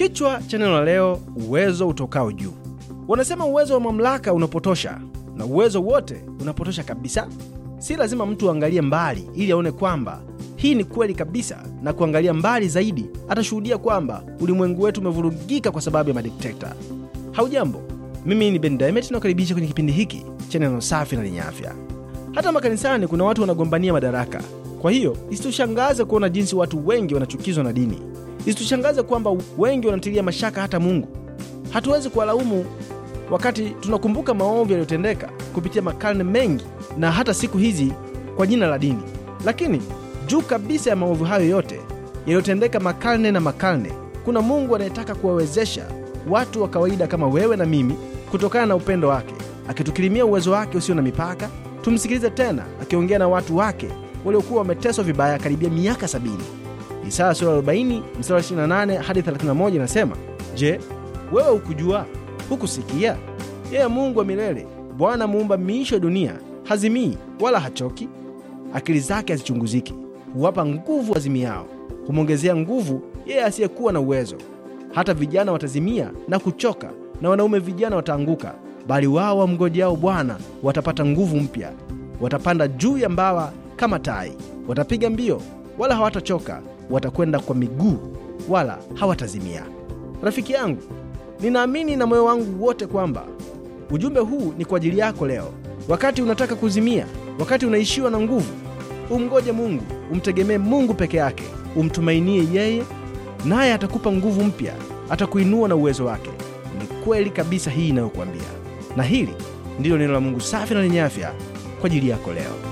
Kichwa cha neno la leo, uwezo utokao juu. Wanasema uwezo wa mamlaka unapotosha na uwezo wote unapotosha kabisa. Si lazima mtu aangalie mbali ili aone kwamba hii ni kweli kabisa, na kuangalia mbali zaidi atashuhudia kwamba ulimwengu wetu umevurugika kwa sababu ya madikteta. Haujambo, mimi ni Ben Daimet, nakaribisha kwenye kipindi hiki cha neno safi na lenye afya. Hata makanisani kuna watu wanagombania madaraka, kwa hiyo isitushangaze kuona jinsi watu wengi wanachukizwa na dini Isitushangaze kwamba wengi wanatilia mashaka hata Mungu. Hatuwezi kuwalaumu wakati tunakumbuka maovu yaliyotendeka kupitia makarne mengi na hata siku hizi kwa jina la dini. Lakini juu kabisa ya maovu hayo yote yaliyotendeka makarne na makarne, kuna Mungu anayetaka kuwawezesha watu wa kawaida kama wewe na mimi, kutokana na upendo wake, akitukirimia uwezo wake usio na mipaka. Tumsikilize tena akiongea na watu wake waliokuwa wameteswa vibaya karibia miaka sabini. Isaya sura 40 mstari 28 hadi 31 inasema, Je, wewe hukujua? Hukusikia? Yeye Mungu wa milele, Bwana muumba miisho ya dunia, hazimii wala hachoki. Akili zake hazichunguziki. Huwapa nguvu wazimiao, humwongezea nguvu yeye asiyekuwa na uwezo. Hata vijana watazimia na kuchoka, na wanaume vijana wataanguka, bali wao wamngojeao Bwana watapata nguvu mpya, watapanda juu ya mbawa kama tai, watapiga mbio wala hawatachoka, watakwenda kwa miguu wala hawatazimia. Rafiki yangu, ninaamini na moyo wangu wote kwamba ujumbe huu ni kwa ajili yako leo. Wakati unataka kuzimia, wakati unaishiwa na nguvu, umngoje Mungu, umtegemee Mungu peke yake, umtumainie yeye, naye atakupa nguvu mpya, atakuinua na uwezo wake. Ni kweli kabisa hii inayokuambia, na hili ndilo neno la Mungu safi na lenye afya kwa ajili yako leo.